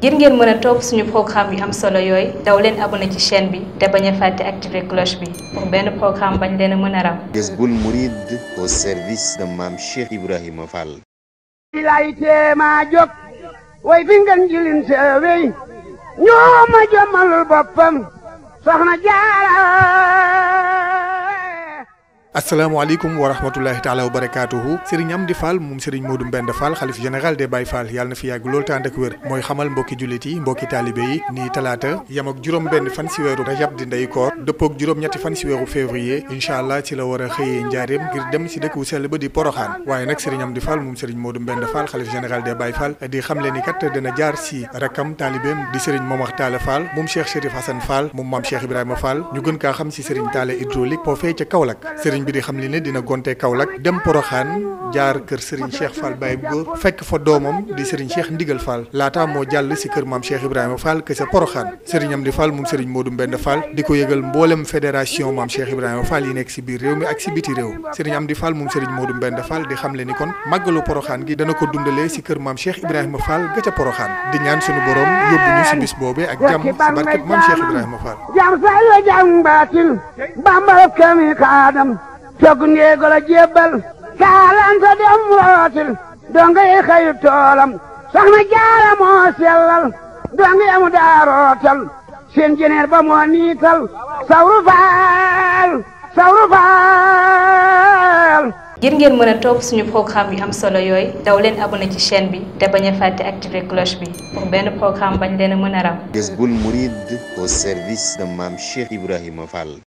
ngir ngeen mën a topp suñu programme yu am solo yooyu daw leen abonné ci chaîne bi te bañ a fàtte activer cloche bi pour benn programme bañ leen a mën a ram Jazboul Mouride au service de Mame Cheikh Ibrahima Fall lay teema jóg way fi ngeen jilin a ñoo ma jommalul boppam soxna jaara asalaamaaleykum wa rahmatullahi taala wa barakaatuhu Serigne Amdi Fall moom Serigne Modou Mbend Fall xalif général des Baye Fall yàlla na fi yàgg loolu te ànd ak wér mooy xamal mbokki jullit yi mbokki taalibe yi nii talaata yam ak juróom benn fan si weeru rajab di ndey koor dëppook juróom-ñetti fan si weeru février incha allah ci la war a xëyee njaareem ngir dem si dëkk wu sell ba di poroxaan waaye nag Serigne Amdi Fall moom Serigne Modou Mbend Fall xalif général des Baye di xam le ni kat dana jaar si rakam taalibeem di Serigne Momar Talla Fall moom Cheikh Chérif Hassan Fall moom maam Cheikh Ibrahima Fall ñu gën kaa xam si Serigne Talla hydraulique foofee ca Kaolack di xam li ne dina gonte Kaolack dem Poroxaan jaar kër Serigne Cheikh Fall Baye Góor fekk fa doomam di Serigne Cheikh Ndigal Fall laata moo jàll si kër maam Cheikh Ibrahima Fall ke sa Poroxaan Serigne Amdi Fall moom Serigne Modou di ko yëgal mboolem fédération maam Cheikh Ibrahima yi nekk si biir réew mi ak si biti réew Serigne Amdi Fall moom Serigne Modou Mbend Fall di xam le ni kon màggalu Poroxaan gi dana ko dundalee si kër maam Cheikh Ibrahima Fall ga ca Poroxaan di ñaan sunu borom yóbbu ñu si bis boobee ak jàmm si barkeb maam Cheikh Ibrahima Fall. cogg ngeegol a jébbal kaalanta dem wootil donga yi xayu toolam soxna jaara moo sellal donga yamu daarootal seen jeneer ba moo niital sawru faal sawru faal ngir ngeen mën a toog suñu programme yu am solo yooyu daw leen abonné ci seen bi te bañ a fàtte activer cloche bi benn programme bañ leen a mën a ram Jazboul Mouride au service de Mame Cheikh Ibrahima Fall